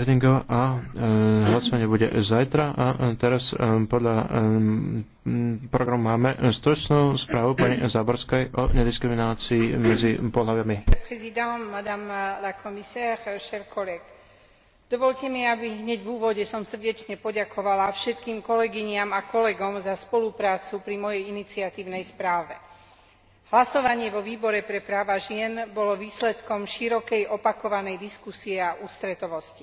Redingo a e, hlasovanie bude zajtra a e, teraz e, podľa programu máme stručnú správu pani Záborskej o nediskriminácii medzi pohľaviami. Prezident, madame la commissaire, cher collègue Dovolte mi aby hneď v úvode som srdečne poďakovala všetkým kolegyniam a kolegom za spoluprácu pri mojej iniciatívnej správe. hlasovanie vo výbore pre práva žien bolo výsledkom širokej opakovanej diskusie a ústretovosti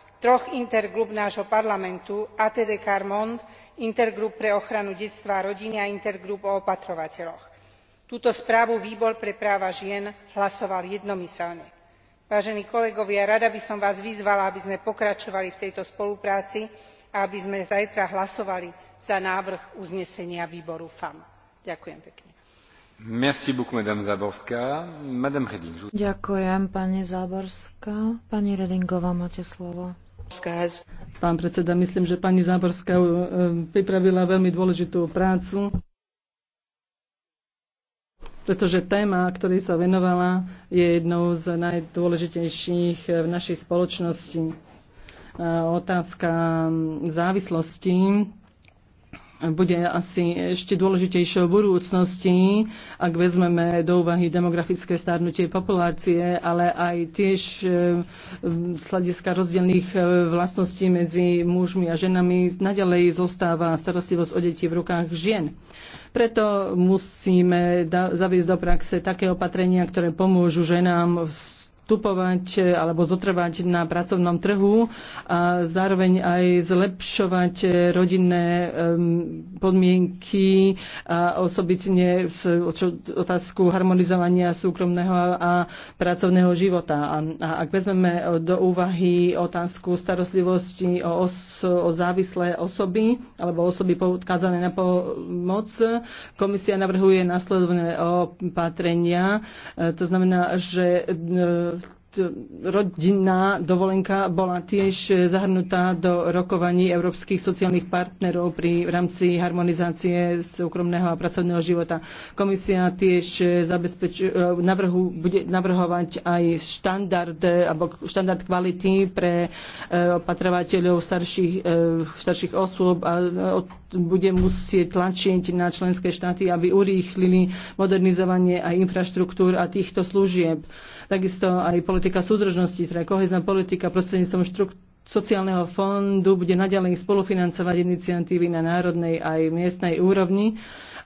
troch intergrup nášho parlamentu atd quart monde intergrup pre ochranu detstva a rodiny a intergrup o opatrovateľoch. túto správu výbor pre práva žien hlasoval jednomyseľne. vážení kolegovia rada by som vás vyzvala aby sme pokračovali v tejto spolupráci a aby sme zajtra hlasovali za návrh uznesenia výboru femm. ďakujem pekne. pani redingová máte slovo. Pán predseda, myslím, že pani Záborská e, pripravila veľmi dôležitú prácu, pretože téma, ktorý sa venovala, je jednou z najdôležitejších v našej spoločnosti. E, otázka závislosti bude asi ešte dôležitejšou v budúcnosti, ak vezmeme do úvahy demografické stárnutie populácie, ale aj tiež e, z hľadiska rozdielných e, vlastností medzi mužmi a ženami naďalej zostáva starostlivosť o deti v rukách žien. Preto musíme zaviesť do praxe také opatrenia, ktoré pomôžu ženám v vstupovať eh, alebo zotrvať na pracovnom trhu a zároveň aj zlepšovať eh, rodinné podmienky a osobitne otázku harmonizovania súkromného a pracovného života. A ak vezmeme eh, do úvahy otázku starostlivosti o, os- o závislé osoby alebo osoby poukázané na pomoc, komisia navrhuje nasledovné opatrenia. To znamená, že rodinná dovolenka bola tiež zahrnutá do rokovaní európskych sociálnych partnerov pri v rámci harmonizácie súkromného a pracovného života. Komisia tiež zabezpeč, navrhu, bude navrhovať aj štandard, alebo štandard kvality pre e, opatrovateľov starších, e, starších osôb a e, bude musieť tlačiť na členské štáty, aby urýchlili modernizovanie aj infraštruktúr a týchto služieb. Takisto aj politi- politika súdržnosti, teda kohezná politika prostredníctvom štruktúry sociálneho fondu bude naďalej spolufinancovať iniciatívy na národnej aj miestnej úrovni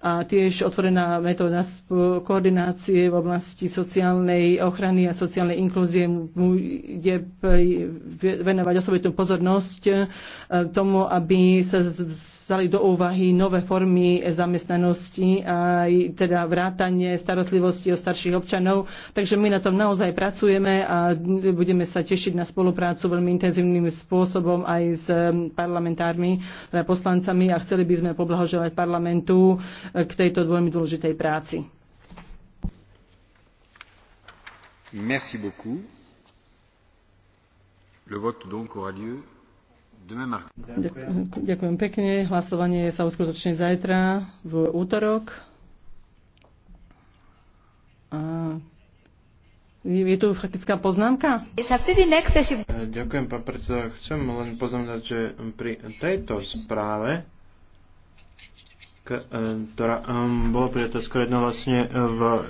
a tiež otvorená metóda koordinácie v oblasti sociálnej ochrany a sociálnej inklúzie bude venovať osobitnú pozornosť e, tomu, aby sa vzali do úvahy nové formy zamestnanosti, aj teda vrátanie starostlivosti o starších občanov. Takže my na tom naozaj pracujeme a budeme sa tešiť na spoluprácu veľmi intenzívnym spôsobom aj s um, parlamentármi, teda poslancami a chceli by sme poblahoželať parlamentu uh, k tejto veľmi dôležitej práci. Merci beaucoup. Le vote donc aura lieu Ďakujem. Ďakujem pekne. Hlasovanie sa uskutoční zajtra v útorok. A je tu faktická poznámka? Ďakujem, pán predseda. Chcem len poznamenať, že pri tejto správe E, ktorá e, bola prijatá skôr jednohlasne v e,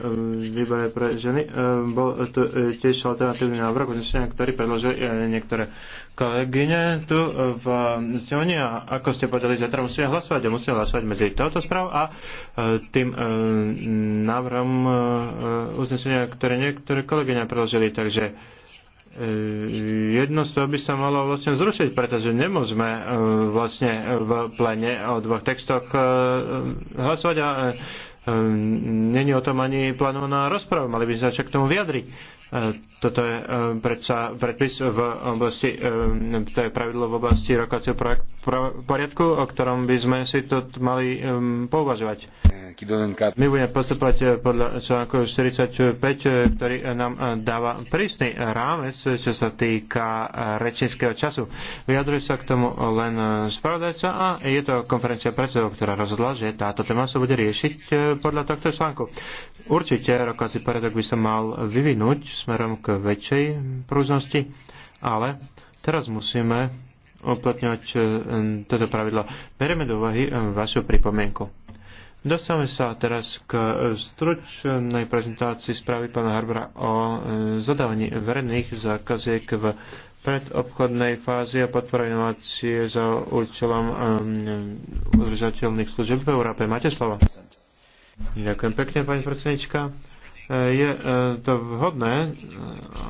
výbore pre ženy. Bol tu tiež alternatívny návrh uznesenia, ktorý predložili niektoré kolegyne tu v Sioni a ako ste povedali, zajtra musíme hlasovať a musíme hlasovať medzi touto správou a tým návrhom uznesenia, ktoré niektoré kolegyne predložili. Takže E, jedno z toho by sa malo vlastne zrušiť, pretože nemôžeme e, vlastne v plene o dvoch textoch e, hlasovať a Ehm, není o tom ani plánovaná rozpráva. Mali by sme sa však k tomu vyjadriť. Ehm, toto je ehm, predsa predpis v oblasti, to je pravidlo v oblasti rokovacieho poriadku, o ktorom by sme si to mali pouvažovať. My budeme postupovať podľa článku 45, ktorý nám dáva prísny rámec, čo sa týka rečníckého času. Vyjadruje sa k tomu len spravodajca a je to konferencia predsedov, ktorá rozhodla, že táto téma sa bude riešiť podľa tohto článku. Určite rokovací poriadok by sa mal vyvinúť smerom k väčšej prúznosti, ale teraz musíme uplatňovať e, toto pravidlo. Bereme do úvahy e, vašu pripomienku. Dostávame sa teraz k e, stručnej prezentácii správy pána Harbora o zadávaní verejných zákaziek v predobchodnej fázi a podpora inovácie za účelom um, udržateľných služieb v Európe. Máte slovo. Ďakujem pekne, pani predsednička. E, je e, to vhodné e,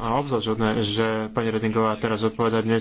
a obzvlášť vhodné, že pani Redingová teraz odpoveda dnes